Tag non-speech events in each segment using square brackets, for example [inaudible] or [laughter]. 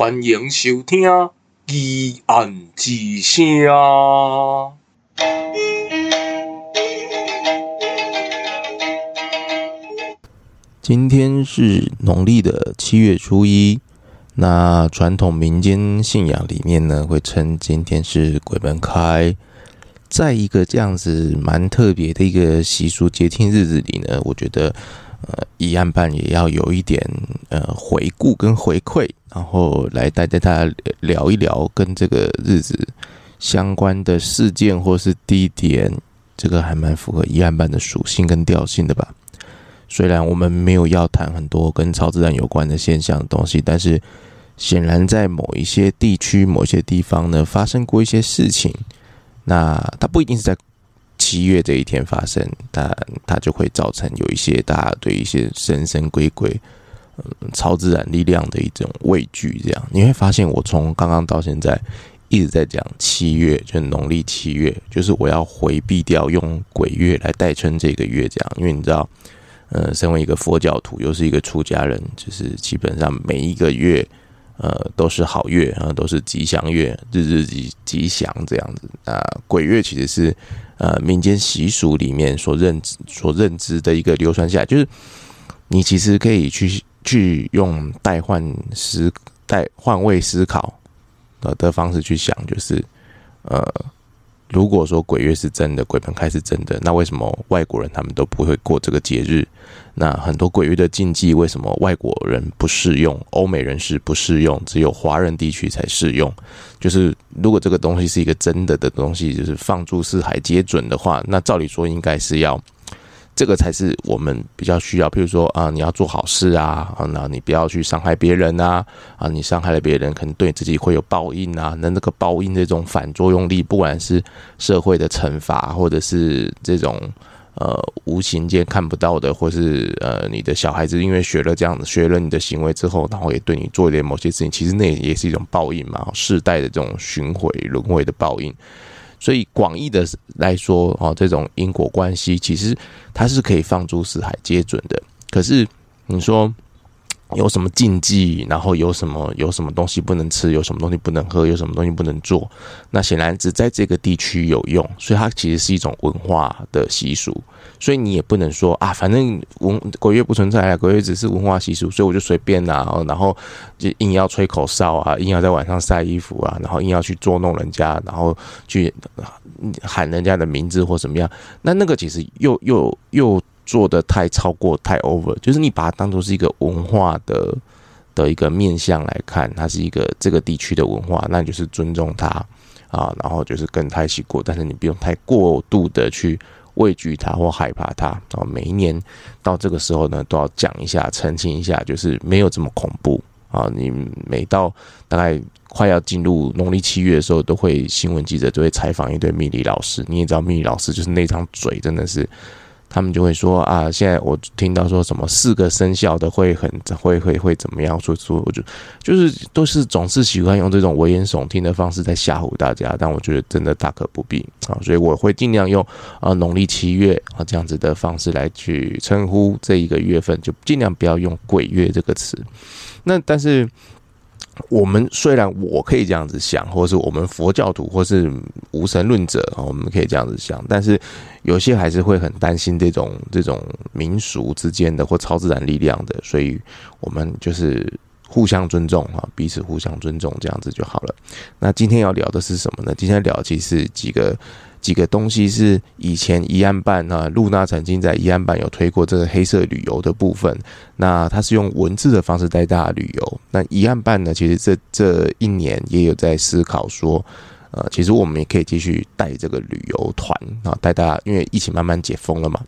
歡迎收聽啊《疑案之聲》。今天是農曆的七月初一，那傳統民間信仰裡面呢，會稱今天是鬼門開。在一個這樣子蠻特別的一個習俗節慶日子裡呢，我覺得。呃，疑案辦也要有一點呃回顧跟回饋，然後來帶帶大家聊一聊跟這個日子相關的事件或是地點，這個還蠻符合疑案辦的屬性跟調性的吧。雖然我們沒有要談很多跟超自然有關的現象的東西，但是顯然在某一些地區、某些地方呢發生過一些事情，那它不一定是在。七月這一天發生，它它就會造成有一些大家對一些神神鬼鬼、嗯、超自然力量的一種畏懼。這樣你會發現，我從剛剛到現在一直在講七月，就是農曆七月，就是我要回避掉用鬼月來代稱這個月，這樣，因為你知道，呃、嗯，身為一個佛教徒，又是一個出家人，就是基本上每一個月，呃、嗯，都是好月啊，都是吉祥月，日日吉吉祥這樣子。那鬼月其實是。呃，民間習俗裡面所認知、所認知的一個流傳下來，就是你其實可以去去用代換思、代換位思考的方式去想，就是呃。如果說鬼月是真的，鬼門開是真的，那為什麼外國人他們都不會過這個節日？那很多鬼月的禁忌，為什麼外國人不適用？歐美人士不適用，只有華人地區才適用。就是如果這個東西是一個真的的東西，就是放諸四海皆準的話，那照理說應該是要。這個才是我們比較需要，譬如說啊，你要做好事啊，啊，那你不要去傷害別人啊，啊，你傷害了別人，可能對你自己會有報應啊。那那個報應這種反作用力，不管是社會的懲罰，或者是這種呃無形間看不到的，或是呃你的小孩子因為學了這樣的，學了你的行為之後，然後也對你做一點某些事情，其實那也是一種報應嘛，世代的這種巡迴、輪迴的報應。所以廣義的來說，哦，這種因果關係其實它是可以放諸四海皆準的。可是你說有什麼禁忌，然後有什麼有什麼東西不能吃，有什麼東西不能喝，有什麼東西不能做。那顯然只在這個地區有用，所以它其實是一種文化的習俗。所以你也不能說啊，反正文鬼月不存在啊，鬼月只是文化習俗，所以我就隨便啦、啊，然後就硬要吹口哨啊，硬要在晚上曬衣服啊，然後硬要去捉弄人家，然後去喊人家的名字或怎麼樣。那那個其實又又又。又做的太超過太 over，就是你把它當做是一個文化的的一個面向來看，它是一個這個地區的文化，那你就是尊重它啊，然後就是跟他一起過，但是你不用太過度的去畏懼它或害怕它啊。每一年到這個時候呢，都要講一下，澄清一下，就是沒有這麼恐怖啊。你每到大概快要進入農曆七月的時候，都會新聞記者就會採訪一對命理老師，你也知道命理老師就是那張嘴真的是。他們就會說啊，現在我聽到說什麼四個生肖的會很會會會怎麼樣？所以說我就就是都是總是喜歡用這種危言聳聽的方式在嚇唬大家，但我覺得真的大可不必啊，所以我會盡量用啊農曆七月啊這樣子的方式來去稱呼這一個月份，就盡量不要用鬼月這個詞。那但是。我們雖然我可以這樣子想，或是我們佛教徒或是無神論者啊，我們可以這樣子想，但是有些還是會很擔心這種這種民俗之間的或超自然力量的，所以我們就是互相尊重啊，彼此互相尊重這樣子就好了。那今天要聊的是什麼呢？今天要聊其實幾個。幾個東西是以前疑案辦啊，露娜曾經在疑案辦有推過這個黑色旅遊的部分。那它是用文字的方式帶大家旅遊。那疑案辦呢，其實這這一年也有在思考說，呃，其實我們也可以繼續帶這個旅遊團啊，帶大家，因為疫情慢慢解封了嘛，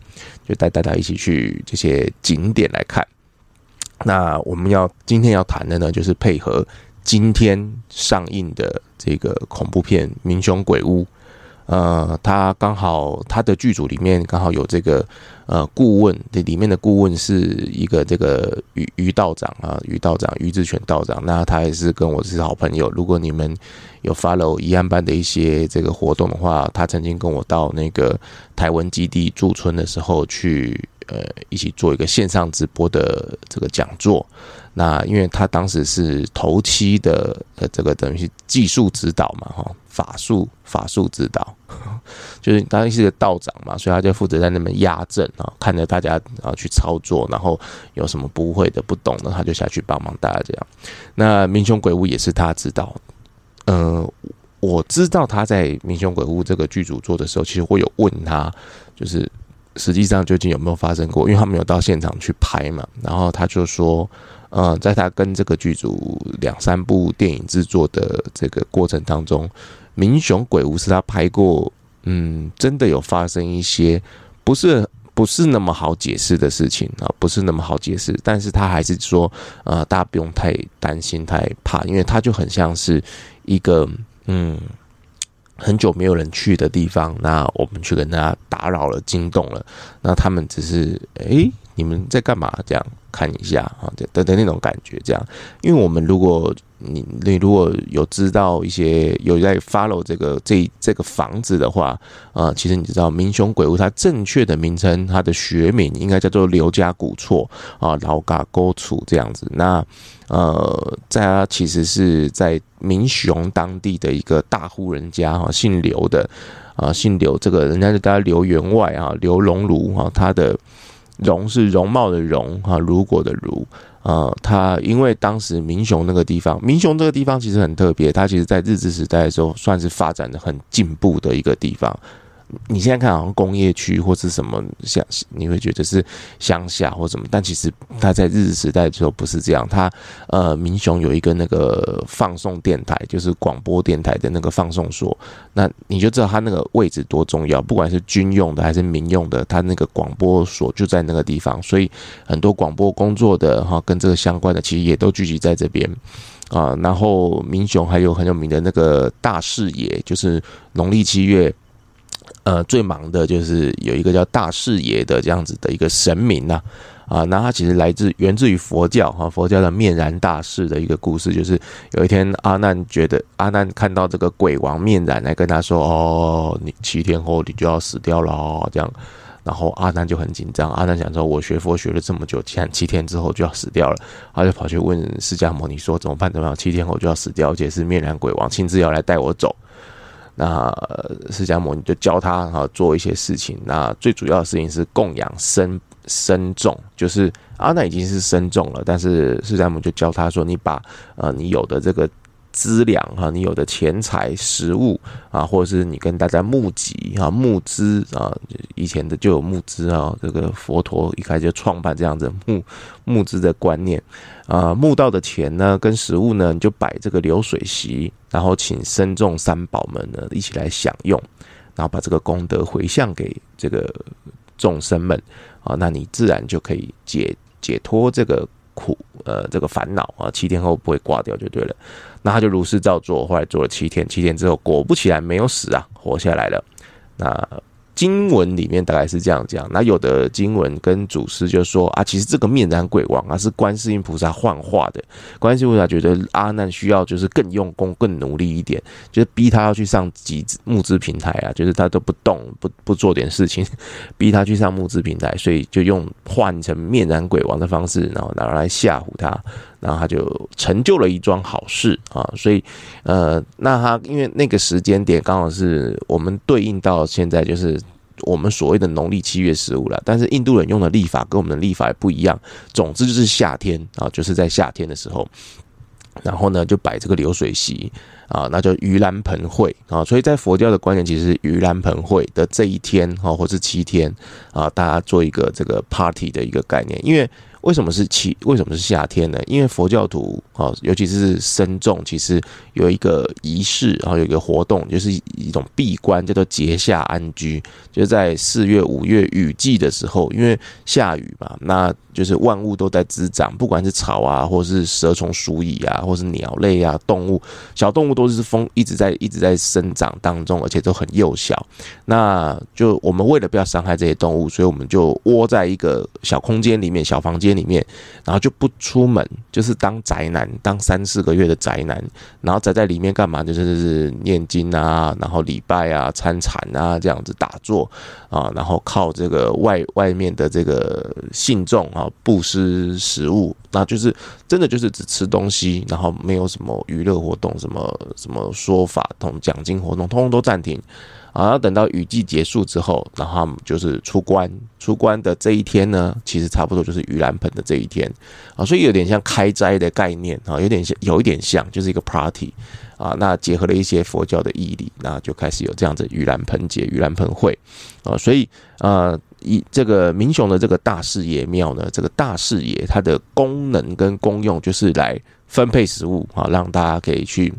就帶大家一起去這些景點來看。那我們要今天要談的呢，就是配合今天上映的這個恐怖片《民雄鬼屋》。呃、嗯，他剛好他的劇組裡面剛好有這個呃顧問，這裡面的顧問是一個這個於於道長啊，於道長，於志全道長，那他也是跟我是好朋友。如果你們有 follow 疑案辦的一些這個活動的話，他曾經跟我到那個台灣基地駐村的時候去，呃，一起做一個線上直播的這個講座。那因為他當時是頭七的呃，這個等於是技術指導嘛，哈，法術法術指導，就是當然是個道長嘛，所以他就負責在那邊壓陣啊，看着大家啊去操作，然後有什麼不會的、不懂的，他就下去幫忙大家這樣。那《民雄鬼屋》也是他指導，呃，我知道他在《民雄鬼屋》這個劇組做的時候，其實我有問他，就是。實際上究竟有沒有發生過？因為他沒有到現場去拍嘛，然後他就說，呃，在他跟這個劇組兩三部電影制作的這個過程當中，《民雄鬼屋》是他拍過，嗯，真的有發生一些不是不是那麼好解釋的事情啊，不是那麼好解釋，但是他還是說，呃，大家不用太擔心太怕，因為他就很像是一個嗯。很久沒有人去的地方，那我們去跟他打擾了、驚動了，那他們只是誒。你們在幹嘛？這樣看一下啊，等等那種感覺，這樣。因為我們如果你你如果有知道一些有在 follow 這個這這個房子的話啊、呃，其實你知道民雄鬼屋它正確的名稱，它的學名應該叫做劉家古厝啊，老嘎溝厝這樣子。那呃，在他其實是在民雄當地的一個大戶人家哈，姓劉的啊，姓劉、啊、這個人家就叫劉員外啊，劉龍儒哈，他的。容是容貌的容，哈、啊，如果的如，呃，他因為當時民雄那個地方，民雄這個地方其實很特別，它其實在日治時代的時候，算是發展的很進步的一個地方。你現在看好像工業區或是什麼像，你會覺得是鄉下或什麼，但其實它在日治時代的時候不是這樣。它呃，民雄有一個那個放送電台，就是廣播電台的那個放送所，那你就知道它那個位置多重要。不管是軍用的還是民用的，它那個廣播所就在那個地方，所以很多廣播工作的哈，跟這個相關的其實也都聚集在這邊啊。然後民雄還有很有名的那個大士爺，就是農曆七月。呃，最忙的就是有一個叫大士爺的這樣子的一個神明吶，啊，啊，那他其實來自源自於佛教哈、啊，佛教的面然大士的一個故事，就是有一天阿難覺得阿難看到這個鬼王面然來跟他說，哦，你七天後你就要死掉了哦，這樣，然後阿難就很緊張，阿難想說，我學佛學了這麼久，七七天之後就要死掉了，他就跑去問釋迦牟尼說，怎麼辦？怎麼辦？七天後就要死掉，而且是面然鬼王親自要來帶我走。那釋迦牟尼就教他然後做一些事情，那最主要的事情是供養僧僧眾，就是阿、啊、那已經是僧眾了，但是釋迦牟尼就教他說，你把呃你有的這個。資糧哈，你有的錢財、食物啊，或者是你跟大家募集哈，募資啊，以前的就有募資啊。這個佛陀一開始就創辦這樣子募募資的觀念啊，募到的錢呢跟食物呢，你就擺這個流水席，然後請僧眾三寶們呢一起來享用，然後把這個功德回向給這個眾生們啊，那你自然就可以解解脫這個。苦，呃，這個煩惱啊，七天後不會掛掉就對了。那他就如是照做，後來做了七天，七天之後果不其然沒有死啊，活下來了。那。經文裡面大概是這樣講，那有的經文跟祖師就說啊，其實這個面燃鬼王啊是觀世音菩薩幻化的。觀世音菩薩覺得阿難需要就是更用功、更努力一點，就是逼他要去上集募資平台啊，就是他都不動、不不做點事情，逼他去上募資平台，所以就用換成面燃鬼王的方式，然後拿來嚇唬他。然後他就成就了一樁好事啊，所以，呃，那他因為那個時間點剛好是我們對應到現在，就是我們所謂的農曆七月十五了，但是印度人用的曆法跟我們的曆法也不一樣，總之就是夏天啊，就是在夏天的時候，然後呢就擺這個流水席啊，那叫盂蘭盆會啊，所以在佛教的觀念，其實是盂蘭盆會的這一天啊，或是七天啊，大家做一個這個 party 的一個概念，因為。為什麼是七？為什麼是夏天呢？因為佛教徒啊，尤其是僧眾，其實有一個儀式，然後有一個活動，就是一種閉關，叫做結夏安居，就是、在四月、五月雨季的時候，因為下雨嘛，那就是萬物都在滋長，不管是草啊，或是蛇蟲鼠蟻啊，或是鳥類啊，動物、小動物都是風一直在一直在生長當中，而且都很幼小。那就我們為了不要傷害這些動物，所以我們就窩在一個小空間裡面，小房間。裡面，然後就不出門，就是當宅男，當三四個月的宅男，然後宅在裡面幹嘛？就是念經啊，然後禮拜啊，參禪啊，這樣子打坐啊，然後靠這個外外面的這個信眾啊，布施食物，那就是真的就是只吃東西，然後沒有什麼娛樂活動，什麼什麼說法同獎金活動，通通都暫停。啊，等到雨季結束之後，然後他們就是出關。出關的這一天呢，其實差不多就是盂蘭盆的這一天啊，所以有點像開齋的概念啊，有點像，有一點像，就是一個 party 啊。那結合了一些佛教的義理，那就開始有這樣子盂蘭盆節、盂蘭盆會啊。所以，呃，以這個民雄的這個大士爺廟呢，這個大士爺它的功能跟功用就是來分配食物啊，讓大家可以去，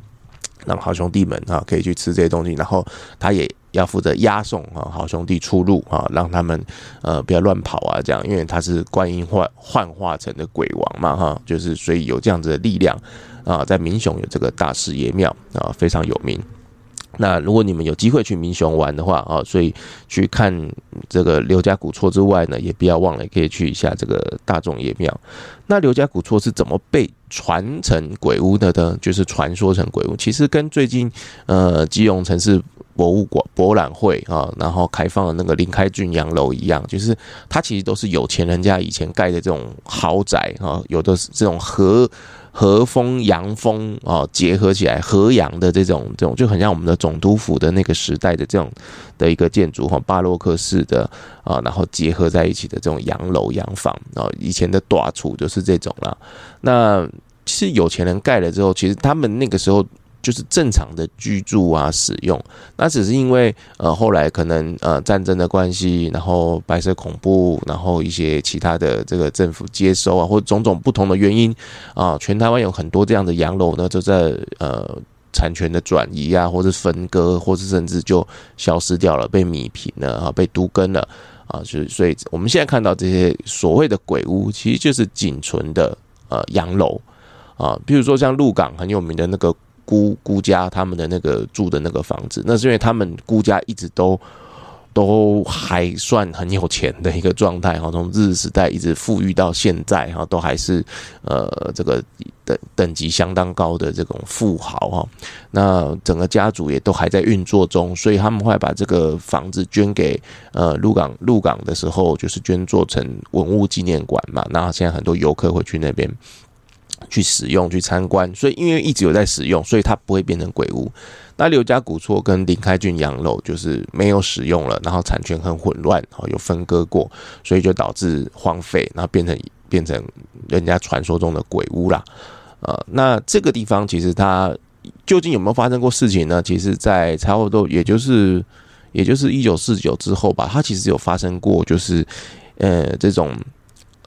讓好兄弟們啊可以去吃這些東西，然後他也，要負責押送啊，好兄弟出入啊，讓他們呃不要亂跑啊，這樣，因為他是觀音幻幻化成的鬼王嘛，哈，就是所以有這樣子的力量啊，在民雄有這個大士爺廟啊，非常有名。那如果你們有機會去民雄玩的話啊，所以去看這個劉家古厝之外呢，也不要忘了可以去一下這個大眾爺廟。那劉家古厝是怎麼被傳成鬼屋的呢？就是傳說成鬼屋，其實跟最近呃基隆城市。博物館、博覽會啊，然後開放了那個林開郡洋樓一樣，就是它其實都是有錢人家以前蓋的這種豪宅啊，有的是這種和和風、洋風啊結合起來和洋的這種這種，就很像我們的總督府的那個時代的這種的一個建築哈，巴洛克式的啊，然後結合在一起的這種洋樓、洋房啊，以前的大厝就是這種了。那其實有錢人蓋了之後，其實他們那個時候。就是正常的居住啊，使用，那只是因為呃後來可能呃戰爭的關係，然後白色恐怖，然後一些其他的這個政府接收啊，或種種不同的原因啊，全台灣有很多這樣的洋樓呢，都在呃產權的轉移啊，或是分割，或是甚至就消失掉了，被夷平了啊，被都更了啊，就所以我們現在看到這些所謂的鬼屋，其實就是僅存的呃洋樓啊，比如說像鹿港很有名的那個。辜辜家他們的那個住的那個房子，那是因為他們辜家一直都都還算很有錢的一個狀態哈，從日時代一直富裕到現在哈，都還是呃這個等等級相當高的這種富豪哈，那整個家族也都還在運作中，所以他們會把這個房子捐給呃鹿港，鹿港的時候，就是捐作成文物紀念館嘛，那現在很多遊客會去那邊。去使用，去參觀，所以因為一直有在使用，所以它不會變成鬼屋。那劉家古厝跟林開俊洋樓就是沒有使用了，然後產權很混亂，哦，有分割過，所以就導致荒廢，然後變成變成人家傳說中的鬼屋啦。呃，那這個地方其實它究竟有沒有發生過事情呢？其實在差不多，在差不多也就是也就是一九四九之後吧，它其實有發生過，就是呃這種。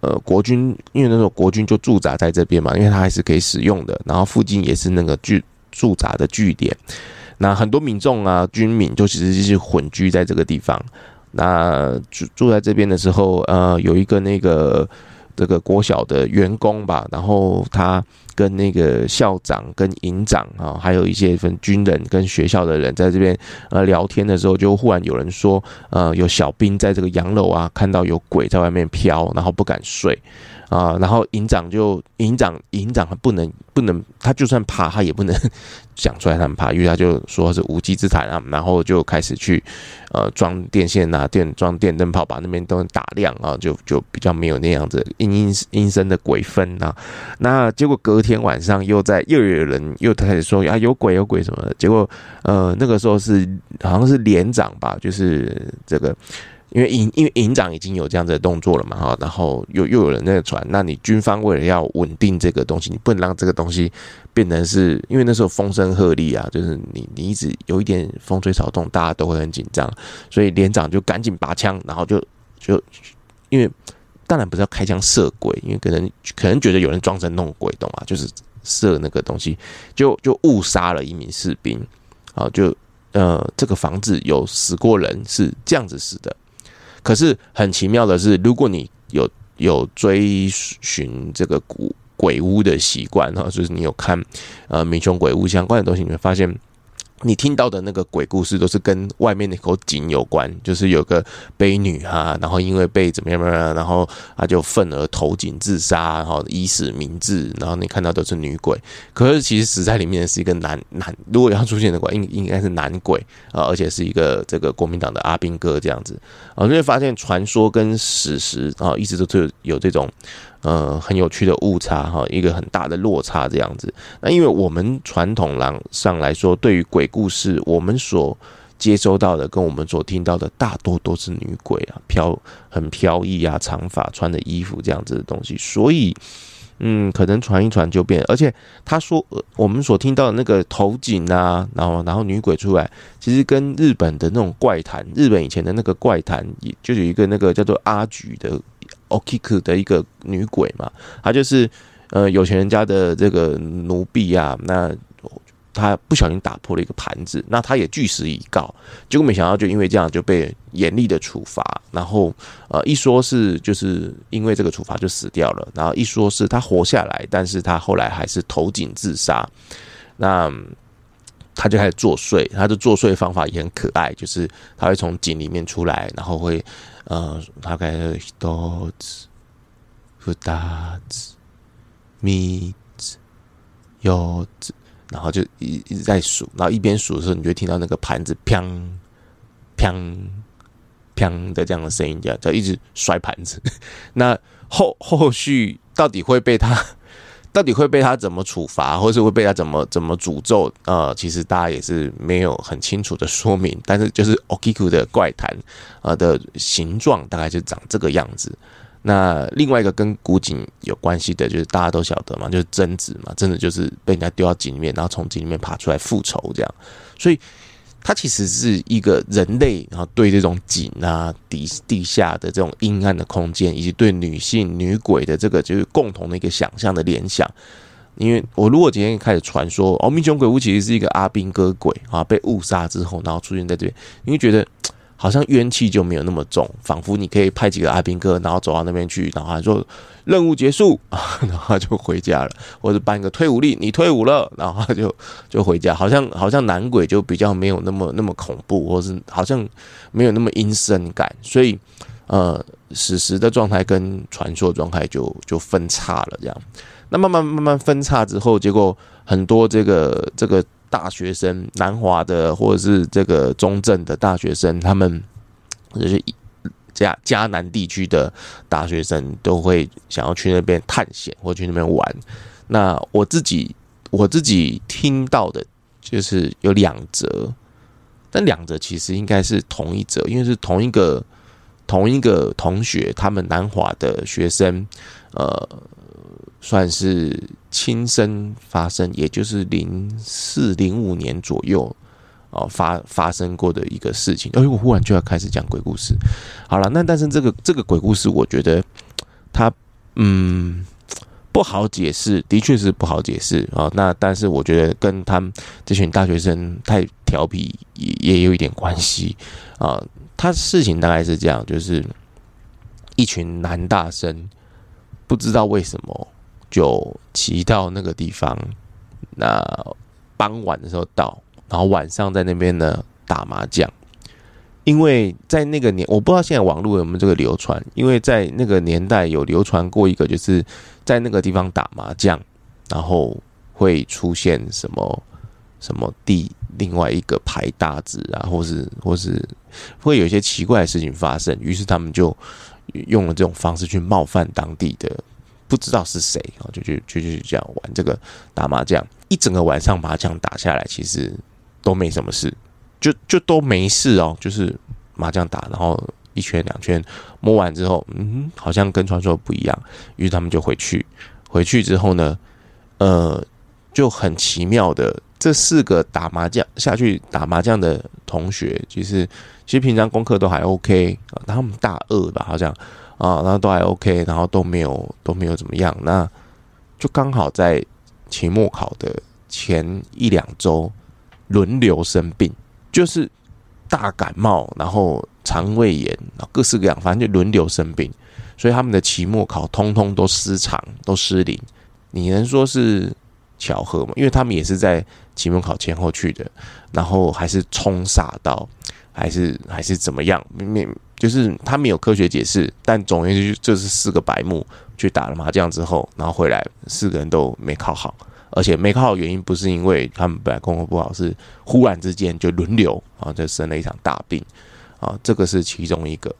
呃，國軍因為那時候國軍就駐紮在這邊嘛，因為它還是可以使用的，然後附近也是那個駐駐紮的據點，那很多民眾啊、軍民就其實就是混居在這個地方。那住住在這邊的時候，呃，有一個那個這個國小的員工吧，然後他。跟那個校長、跟營長啊，還有一些分軍人跟學校的人，在這邊呃聊天的時候，就忽然有人說，呃，有小兵在這個洋樓啊，看到有鬼在外面飄，然後不敢睡啊。然後營長就營長營長他不能不能，他就算怕他也不能 [laughs] 想出來他們怕，因為他就說是無稽之談啊。然後就開始去呃裝電線啊電裝電燈泡，把那邊都打亮啊，就就比較沒有那樣子陰陰陰森的鬼氛啊。那結果隔。天晚上又在又有人又開始說啊，有鬼有鬼什麼的，結果呃那個時候是好像是連長吧，就是這個因為營因為營長已經有這樣子的動作了嘛哈，然後又又有人在傳，那你軍方為了要穩定這個東西，你不能讓這個東西變成是，因為那時候風聲鶴唳啊，就是你你一直有一點風吹草動，大家都會很緊張，所以連長就趕緊拔槍，然後就就因為。當然不是要開槍射鬼，因為可能可能覺得有人裝神弄鬼，懂嗎？就是射那個東西，就就誤殺了一名士兵，啊，就呃這個房子有死過人是這樣子死的。可是很奇妙的是，如果你有有追尋這個古鬼屋的習慣啊，就是你有看呃民雄鬼屋相關的東西，你會發現。你聽到的那個鬼故事都是跟外面那口井有關，就是有個婢女哈、啊，然後因為被怎麼樣、怎麼樣，然後她就憤而投井自殺，然後以死明志，然後你看到都是女鬼，可是其實死在裡面的是一個男男，如果要出現的話，應應該是男鬼啊，而且是一個這個國民黨的阿兵哥這樣子啊，就會發現傳說跟史實啊，一直都是有這種。呃、嗯，很有趣的誤差哈，一個很大的落差這樣子。那因為我們傳統狼上來說，對於鬼故事，我們所接收到的跟我們所聽到的，大多都是女鬼啊，飄很飄逸啊，長髮穿的衣服這樣子的東西。所以，嗯，可能傳一傳就變。而且他說，我們所聽到的那個頭頸啊，然後然後女鬼出來，其實跟日本的那種怪談，日本以前的那個怪談，就有一個那個叫做阿菊的。Okiku 的一個女鬼嘛，她就是呃有錢人家的這個奴婢啊，那她不小心打破了一個盤子，那她也據實以告，結果沒想到就因為這樣就被嚴厲的處罰，然後呃一說是就是因為這個處罰就死掉了，然後一說是她活下來，但是她後來還是投井自殺，那。他就開始作祟，他的作祟方法也很可愛，就是他會從井裡面出來，然後會，呃，大概都，不達子，米子，柚子，然後就一一直在數，然後一邊數的時候，你就聽到那個盤子砰，砰，砰的這樣的聲音，這樣就一直摔盤子。那後後續到底會被他到底會被他怎麼處罰，或者是會被他怎麼怎麼詛咒？呃，其實大家也是沒有很清楚的說明。但是就是 Okiku 的怪談，呃的形狀大概就長這個樣子。那另外一個跟古井有關係的，就是大家都曉得嘛，就是貞子嘛，貞子就是被人家丟到井裡面，然後從井裡面爬出來復仇這樣。所以它其實是一個人類，啊，對這種井啊、地地下的這種陰暗的空間，以及對女性、女鬼的這個就是共同的一個想象的聯想。因為我如果今天開始傳說，哦，民雄鬼屋其實是一個阿兵哥鬼啊，被誤殺之後，然後出現在這邊，你會覺得。好像怨氣就沒有那麼重，仿佛你可以派幾個阿兵哥，然後走到那邊去，然後還說任務結束，然後就回家了，或者辦個退伍令，你退伍了，然後就就回家。好像好像男鬼就比較沒有那麼那麼恐怖，或是好像沒有那麼陰森感，所以呃，史實的狀態跟傳說狀態就就分叉了，這樣，那慢慢慢慢分叉之後，結果很多這個這個。大學生南華的，或者是這個中正的大學生，他們就是嘉嘉南地區的大學生，都會想要去那邊探險或去那邊玩。那我自己我自己聽到的，就是有兩則，但兩則其實應該是同一則，因為是同一個同一個同學，他們南華的學生，呃。算是親身發生，也就是零四零五年左右啊、哦、發發生過的一個事情。哎呦我忽然就要開始講鬼故事，好了，那但是這個這個鬼故事，我覺得他嗯不好解釋，的確是不好解釋啊、哦。那但是我覺得跟他們這群大學生太調皮也也有一點關係啊、哦。他事情大概是這樣，就是一群男大生不知道為什麼。就騎到那個地方，那傍晚的時候到，然後晚上在那邊呢打麻將。因為在那個年，我不知道現在網絡有沒有這個流傳。因為在那個年代有流傳過一個，就是在那個地方打麻將，然後會出現什麼什麼地另外一個牌搭子啊，或是或是會有一些奇怪的事情發生。於是他們就用了這種方式去冒犯當地的。不知道是誰，然後就去就去這樣玩這個打麻將，一整個晚上麻將打下來，其實都沒什麼事，就就都沒事哦，就是麻將打，然後一圈兩圈摸完之後，嗯，好像跟傳說不一樣，於是他們就回去，回去之後呢，呃，就很奇妙的，這四個打麻將下去打麻將的同學，其實其實平常功課都還 OK 啊，他們大二吧，好像。啊，然後都還 OK，然後都沒有都沒有怎麼樣，那就剛好在期末考的前一兩周輪流生病，就是大感冒，然後腸胃炎，各式各樣，反正就輪流生病，所以他們的期末考通通通都失常，都失靈，你能說是巧合嗎？因為他們也是在期末考前後去的，然後還是沖煞到，還是還是怎麼樣？明明。就是他們有科學解釋，但總而言之，就是四個白目去打了麻將之後，然後回來四個人都沒考好，而且沒考好原因不是因為他們本來功課不好，是忽然之間就輪流啊，然後就生了一場大病，啊，這個是其中一個。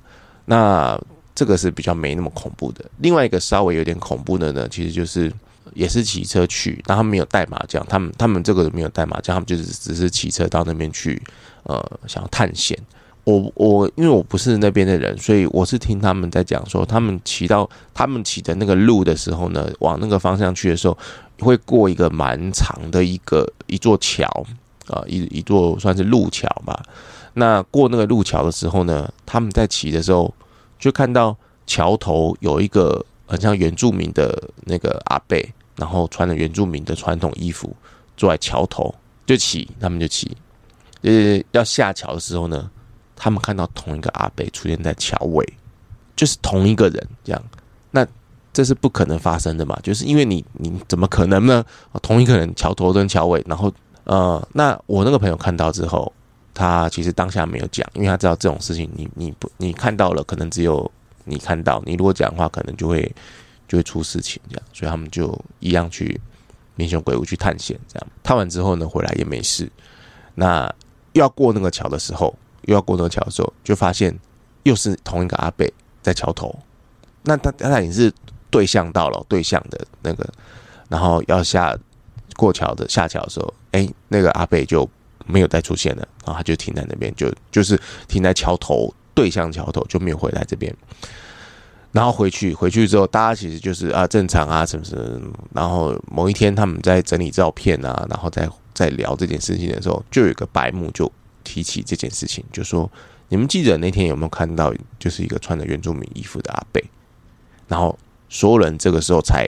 那這個是比較沒那麼恐怖的。另外一個稍微有點恐怖的呢，其實就是也是騎車去，但他們沒有帶麻將，他們他們這個沒有帶麻將，他們就是只是騎車到那邊去，呃，想要探險。我我因為我不是那邊的人，所以我是聽他們在講說，他們騎到他們騎的那個路的時候呢，往那個方向去的時候，會過一個蠻長的一個一座橋啊，一一座算是路橋吧。那過那個路橋的時候呢，他們在騎的時候就看到橋頭有一個很像原住民的那個阿伯，然後穿着原住民的傳統衣服坐在橋頭，就騎他們就騎，呃、就是，要下橋的時候呢。他們看到同一個阿北出現在橋尾，就是同一個人，這樣，那這是不可能發生的嘛？就是因為你你怎麼可能呢？同一個人橋頭跟橋尾，然後呃，那我那個朋友看到之後，他其實當下沒有講，因為他知道這種事情你，你你不你看到了，可能只有你看到，你如果講的話，可能就會就會出事情，這樣，所以他們就一樣去民雄鬼屋去探險，這樣，探完之後呢，回來也沒事。那又要過那個橋的時候。又要過那橋的時候，就發現又是同一個阿伯在橋頭。那他他也是對向到了對向的那個，然後要下過橋的下橋的時候，哎、欸，那個阿伯就沒有再出現了，然後他就停在那邊，就就是停在橋頭對向橋頭就沒有回來這邊。然後回去回去之後，大家其實就是啊正常啊什麼什麼。然後某一天他們在整理照片啊，然後在在聊這件事情的時候，就有一個白目就。提起這件事情，就說你們記者那天有沒有看到，就是一個穿着原住民衣服的阿伯。然後所有人這個時候才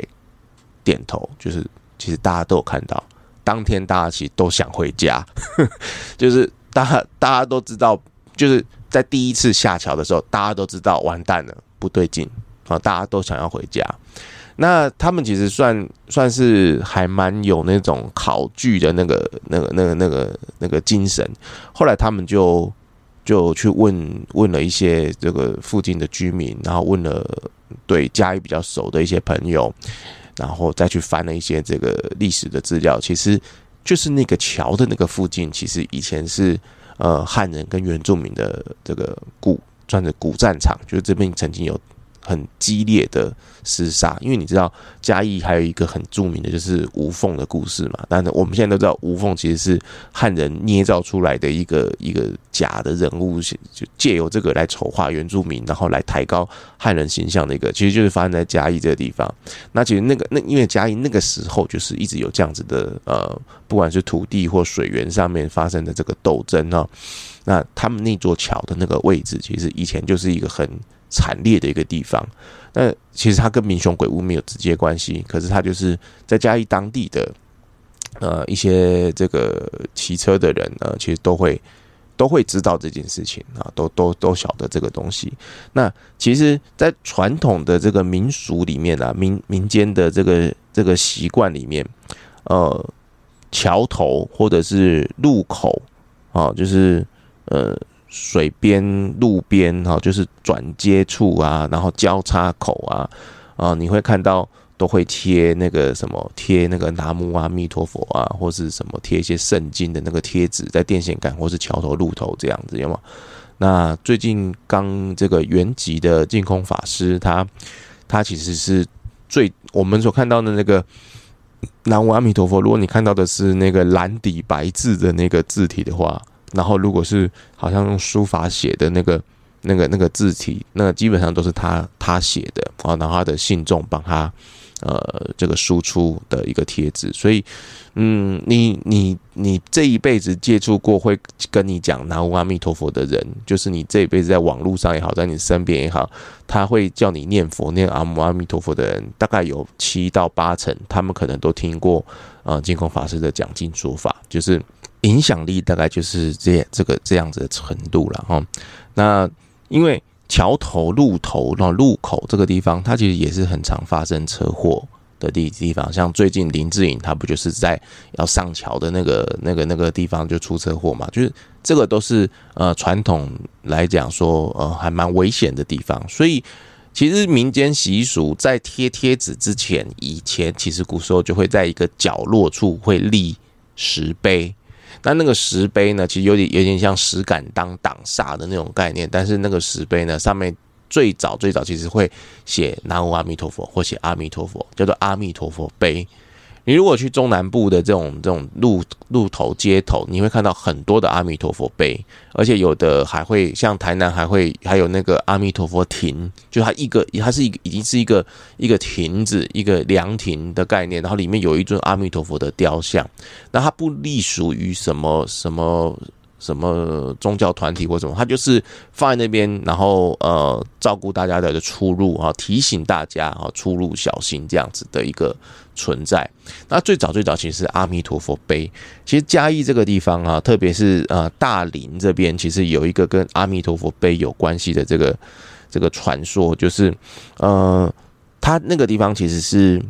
點頭，就是其實大家都有看到。當天大家其實都想回家，呵呵，就是大家大家都知道，就是在第一次下橋的時候，大家都知道完蛋了，不對勁啊，大家都想要回家。那他們其實算算是還蠻有那種考據的那個那個那個那個那個精神。後來他們就就去問問了一些這個附近的居民，然後問了對家裡比較熟的一些朋友，然後再去翻了一些這個歷史的資料。其實就是那個橋的那個附近，其實以前是呃漢人跟原住民的這個古，算是古戰場，就是這邊曾經有。很激烈的廝殺，因為你知道嘉義還有一個很著名的就是吳鳳的故事嘛。那我們現在都知道，吳鳳其實是漢人捏造出來的一個一個假的人物，就借由這個來醜化原住民，然後來抬高漢人形象的一個，其實就是發生在嘉義這個地方。那其實那個那因為嘉義那個時候就是一直有這樣子的呃，不管是土地或水源上面發生的這個鬥爭啊，那他們那座橋的那個位置，其實以前就是一個很。慘烈的一個地方，那其實它跟民雄鬼屋沒有直接關係，可是它就是在嘉義當地的，呃，一些這個騎車的人呢，其實都會都會知道這件事情啊，都都都曉得這個東西。那其實，在傳統的這個民俗裡面啊，民民間的這個這個習慣裡面，呃，橋頭或者是路口啊，就是呃。水邊、路邊哈，就是轉接處啊，然後交叉口啊，啊，你會看到都會貼那個什麼，貼那個南無阿彌陀佛啊，或是什麼貼一些聖經的那個貼紙，在電線桿或是橋頭路頭這樣子，有嗎？那最近剛這個圓寂的淨空法師，他他其實是最我們所看到的那個南無阿彌陀佛。如果你看到的是那個藍底白字的那個字體的話，然後，如果是好像用書法寫的那個、那個、那個字體，那個、基本上都是他他寫的啊，然後他的信眾幫他呃這個輸出的一個帖子。所以，嗯，你你你這一輩子接觸過會跟你講“南無阿彌陀佛”的人，就是你這一輩子在網絡上也好，在你身邊也好，他會叫你念佛、念阿彌阿彌陀佛的人，大概有七到八成，他們可能都聽過啊呃、淨空法師的講經說法，就是。影響力大概就是這這個這樣子的程度了哈。那因為橋頭、路頭、那路口這個地方，它其實也是很常發生車禍的地地方。像最近林志穎他不就是在要上橋的那個那個那個地方就出車禍嘛？就是這個都是呃傳統來講說呃還蠻危險的地方。所以其實民間習俗在貼貼紙之前，以前其實古時候就會在一個角落處會立石碑。那那個石碑呢，其實有點有點像石敢當擋煞的那種概念，但是那個石碑呢，上面最早最早其實會寫南無阿彌陀佛或寫阿彌陀佛，叫做阿彌陀佛碑。你如果去中南部的這種這種路路頭街頭，你會看到很多的阿彌陀佛碑，而且有的還會像台南還會還有那個阿彌陀佛亭，就它一個它是一個已經是一個一個亭子一個涼亭的概念，然後裡面有一尊阿彌陀佛的雕像，那它不隸屬於什麼什麼。什麼什麼宗教團體或什麼，他就是放在那邊，然後呃，照顧大家的出入啊，提醒大家啊，出入小心這樣子的一個存在。那最早最早其實是阿彌陀佛碑。其實嘉義這個地方啊，特別是呃大林這邊，其實有一個跟阿彌陀佛碑有關係的這個這個傳說，就是呃，他那個地方其實是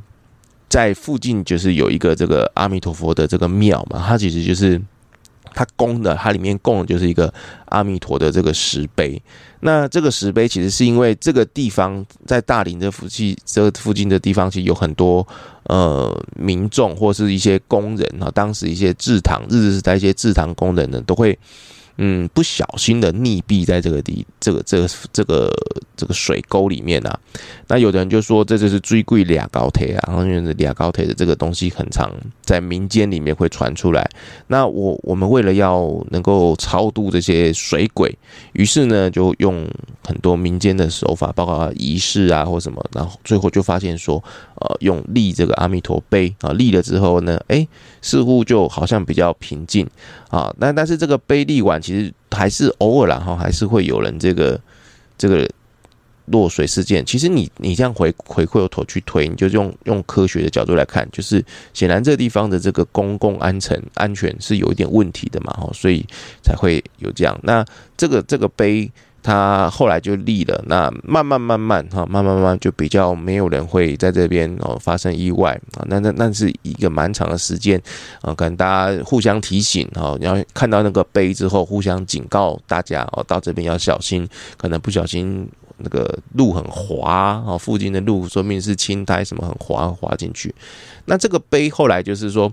在附近，就是有一個這個阿彌陀佛的這個廟嘛，它其實就是。它供的，它裡面供的就是一個阿彌陀的這個石碑。那這個石碑其實是因為這個地方在大林這附近，這附近的地方其實有很多呃民眾或是一些工人哈，當時一些制糖日子是在一些制糖工人呢都會。嗯，不小心的溺斃在這個地，這個、這個、這個、這個水溝裡面啊。那有的人就說這就是水鬼抓交替啊，然後因為抓交替的這個東西很常在民間裡面會傳出來。那我我們為了要能夠超度這些水鬼，於是呢就用很多民間的手法，包括儀式啊或什麼，然後最後就發現說。呃，用立這個阿彌陀碑啊，立了之後呢，哎、欸，似乎就好像比較平靜啊。那但是這個碑立完，其實還是偶爾啦齁還是會有人這個這個落水事件。其實你你這樣回回過頭去推，你就用用科學的角度來看，就是顯然這個地方的這個公共安全安全是有一點問題的嘛哈，所以才會有這樣。那這個這個碑。他後來就立了，那慢慢慢慢哈，慢慢慢慢就比較沒有人會在這邊哦發生意外啊。那那那是一個蠻長的時間啊，跟大家互相提醒哈，你要看到那個碑之後，互相警告大家哦，到這邊要小心，可能不小心那個路很滑啊，附近的路說明是青苔什麼很滑，滑進去。那這個碑後來就是說，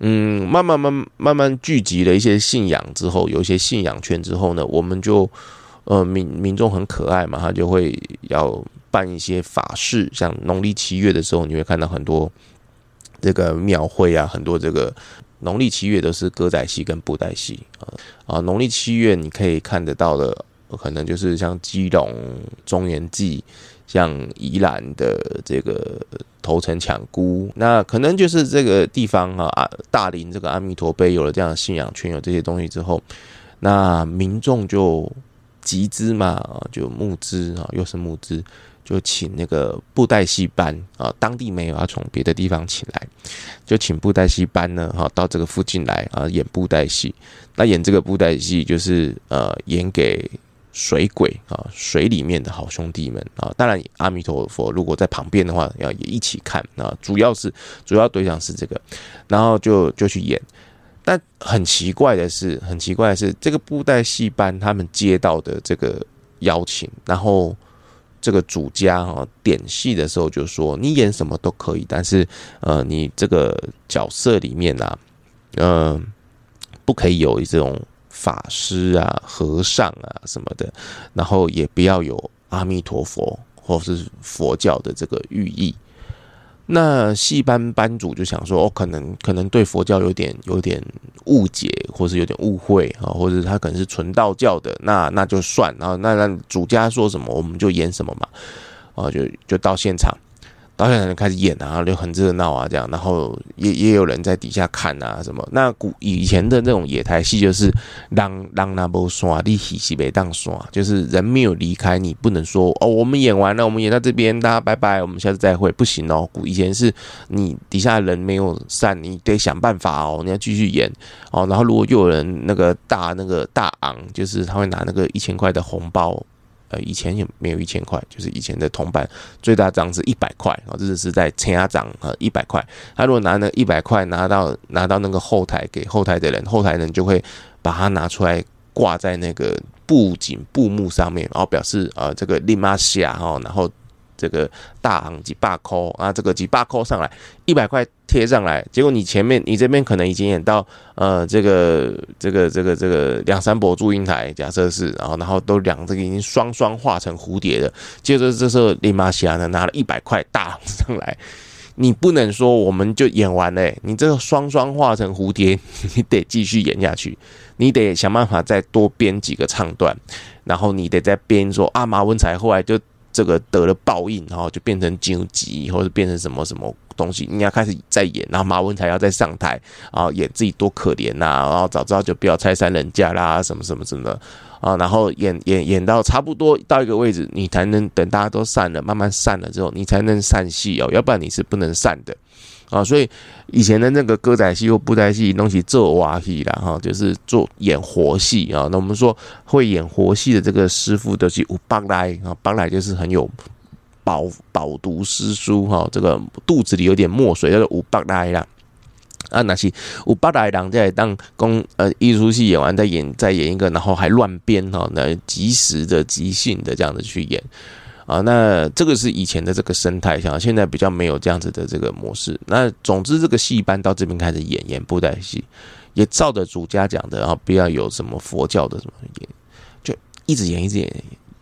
嗯，慢慢慢慢慢聚集了一些信仰之後，有一些信仰圈之後呢，我們就。呃，民民眾很可愛嘛，他就會要辦一些法事，像農曆七月的時候，你會看到很多這個廟會啊，很多這個農曆七月都是歌仔戲跟布袋戲啊啊，農曆七月你可以看得到的，可能就是像基隆中元祭，像宜蘭的這個頭城搶孤，那可能就是這個地方啊，大林這個阿彌陀杯有了這樣的信仰圈，有這些東西之後，那民眾就。集資嘛，就募資啊，又是募資，就請那個布袋戲班啊，當地沒有，要從別的地方請來，就請布袋戲班呢，哈，到這個附近來啊，演布袋戲。那演這個布袋戲就是呃，演給水鬼啊，水裡面的好兄弟們啊，當然阿彌陀佛如果在旁邊的話，要也一起看啊。主要是主要對象是這個，然後就就去演。但很奇怪的是，很奇怪的是，這個布袋戲班他們接到的這個邀請，然後這個主家啊點戲的時候就說：“你演什麼都可以，但是呃，你這個角色裡面啊嗯、呃，不可以有這種法師啊、和尚啊什麼的，然後也不要有阿彌陀佛或是佛教的這個寓意。”那戲班班主就想說，哦，可能可能對佛教有點有點誤解，或是有點誤會啊，或者他可能是純道教的，那那就算，然後，啊，那那主家說什麼我們就演什麼嘛，啊，就就到現場。導演就開始演啊，就很熱鬧啊，這樣，然後也也有人在底下看啊，什麼？那古以前的那種野台戲就是，讓讓那不耍，立起西沒當耍，就是人沒有離開，你不能說哦，我們演完了，我們演到這邊，大家拜拜，我們下次再會，不行哦，古以前是你底下人沒有散，你得想辦法哦，你要繼續演哦，然後如果又有人那個大那個大昂，就是他會拿那個一千塊的紅包。呃，以前也沒有一千塊，就是以前的銅板，最大張是一百塊啊，這是在前壓漲呃一百塊，他如果拿那一百塊拿到拿到那個後台給後台的人，後台人就會把它拿出來掛在那個布景布幕上面，然後表示呃這個利馬下亞哈，然後這個大行幾八扣啊，這個幾八扣上來一百塊。貼上來，結果你前面你這邊可能已經演到，呃，這個這個這個這個梁山伯祝英台，假設是，然後然後都兩這個已經雙雙化成蝴蝶了。接着這時候林馬霞呢拿了一百塊大上來，你不能說我們就演完嘞，你這個雙雙化成蝴蝶，你得繼續演下去，你得想辦法再多編幾個唱段，然後你得再編說啊，馬文才後來就。這個得了報應，然後就變成荊棘，或者變成什麼什麼東西，你要開始再演，然後馬文才要再上台，啊，演自己多可憐吶、啊，然後早知道就不要拆散人家啦、啊，什麼什麼什麼啊，然後演演演到差不多到一個位置，你才能等大家都散了，慢慢散了之後，你才能散戲哦，要不然你是不能散的。啊，所以以前的那個歌仔戲或布袋戲弄起做哇戲啦，哈，就是做演活戲啊。那我們說會演活戲的這個師傅都是有八來啊，八來就是很有飽飽讀詩書哈，這個肚子裡有點墨水叫做有八來啦。啊，那是有八來人在當工呃藝術戲演完再演再演一個，然後還亂編哈，能及時的即興的這樣子去演。啊，那這個是以前的這個生態，像現在比較沒有這樣子的這個模式。那總之，這個戲班到這邊開始演演布袋戲，也照着主家講的，然後不要有什麼佛教的什麼，就一直演一直演。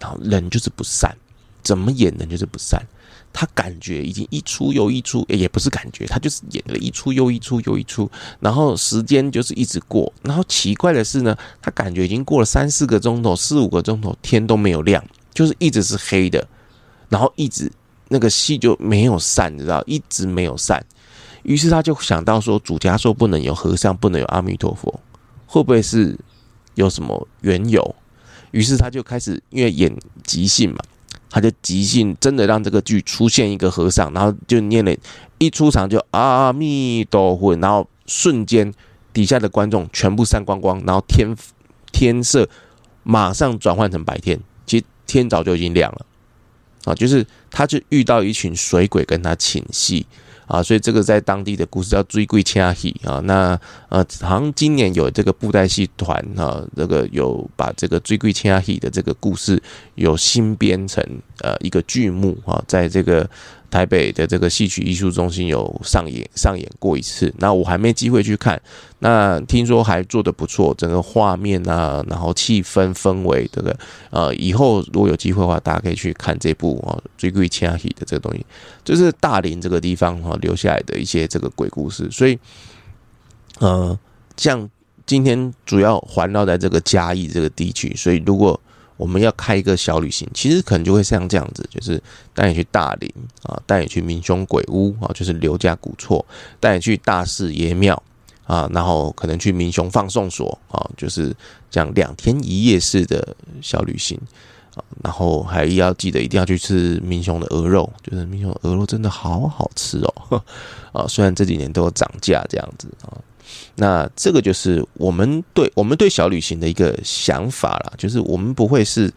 然後人就是不散，怎麼演人就是不散。他感覺已經一出又一出，也不是感覺，他就是演了一出又一出又一出。然後時間就是一直過。然後奇怪的是呢，他感覺已經過了三四個鐘頭、四五個鐘頭，天都沒有亮，就是一直是黑的。然後一直那個戲就沒有散，你知道？一直沒有散。於是他就想到說，主家說不能有和尚，不能有阿彌陀佛，會不會是有什麼緣由？於是他就開始，因為演即興嘛，他就即興，真的讓這個劇出現一個和尚，然後就念了一出場就阿彌陀佛，然後瞬間底下的觀眾全部散光光，然後天天色馬上轉換成白天，其實天早就已經亮了。啊，就是他就遇到一群水鬼跟他請戲啊，所以這個在當地的，故事叫追鬼千阿喜。啊。那呃，好像今年有這個布袋戲團哈，這個有把這個追鬼千阿喜的這個故事有新編成呃一個劇目哈，在這個，台北的這個戲曲藝術中心有上演，上演過一次，那我還沒機會去看。那聽說還做得不錯，整個畫面啊，然後氣氛氛圍，對不對？呃，以後如果有機會的話，大家可以去看這部哦，《水鬼請戲》的這個東西，就是大林這個地方哈、喔、留下來的一些這個鬼故事。所以，呃，像今天主要環繞在這個嘉義這個地區，所以如果，我們要開一個小旅行，其實可能就會像這樣子，就是帶你去大林啊，帶你去民雄鬼屋啊，就是劉家古厝，帶你去大士爺廟啊，然後可能去民雄放送所啊，就是這樣兩天一夜式的小旅行啊，然後還要記得一定要去吃民雄的鵝肉，就是民雄鵝肉真的好好吃哦、呵、啊，雖然這幾年都有漲價這樣子啊。那這個就是我們對我們對小旅行的一個想法啦，就是我們不會是，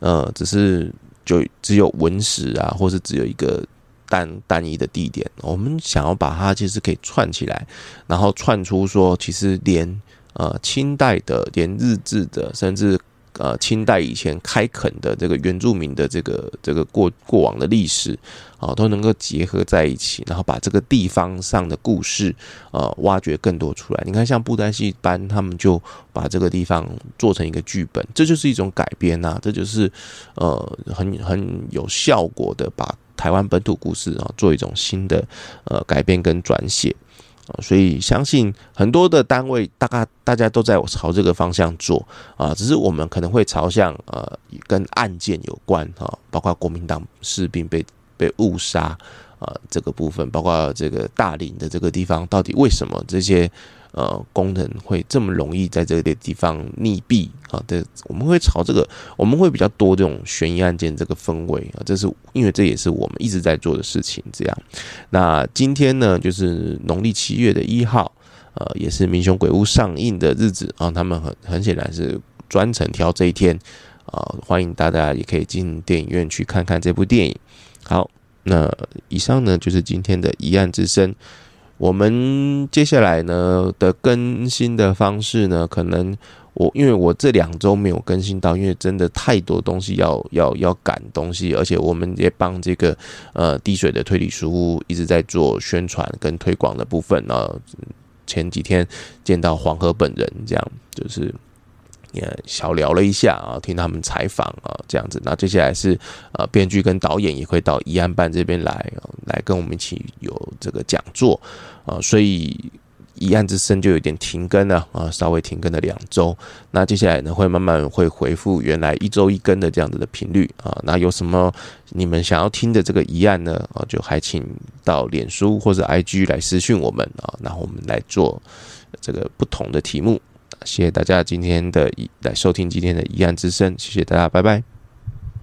呃，只是就只有文史啊，或是只有一個單單一的地點，我們想要把它其實可以串起來，然後串出說，其實連呃清代的，連日治的，甚至。呃，清代以前開墾的這個原住民的這個這個過過往的歷史啊，都能夠結合在一起，然後把這個地方上的故事啊挖掘更多出來。你看，像布袋戲班，他們就把這個地方做成一個劇本，這就是一種改編吶，這就是呃很很有效果的把台灣本土故事啊做一種新的呃改編跟轉寫。所以相信很多的單位大概大家都在朝這個方向做啊，只是我們可能會朝向呃跟案件有關哈，包括國民黨士兵被被誤殺啊這個部分，包括這個大林的這個地方到底為什麼這些。呃，功能會這麼容易在這個地方溺斃啊？這我們會朝這個，我們會比較多這種懸疑案件這個氛圍啊。這是因為這也是我們一直在做的事情。這樣，那今天呢，就是農曆七月的一號，呃，也是《民雄鬼屋》上映的日子啊。他們很很顯然是專程挑這一天啊，歡迎大家也可以進電影院去看看這部電影。好，那以上呢，就是今天的疑案之聲。我們接下來呢的更新的方式呢，可能我因為我這兩週沒有更新到，因為真的太多東西要要要趕東西，而且我們也幫這個呃滴水的推理書屋一直在做宣傳跟推廣的部分呢。然後前幾天見到黃河本人，這樣就是。也小聊了一下啊，聽他們採訪啊，這樣子。那接下來是呃，編劇跟導演也會到疑案辦這邊來，來跟我們一起有這個講座啊。所以疑案之聲就有點停更了啊，稍微停更了兩周。那接下來呢，會慢慢會回復原來一周一更的這樣子的頻率啊。那有什麼你們想要聽的這個疑案呢？啊，就還請到臉書或者 IG 來私訊我們啊，然後我們來做這個不同的題目。謝謝大家今天的來收聽今天的疑案之聲，謝謝大家，拜拜。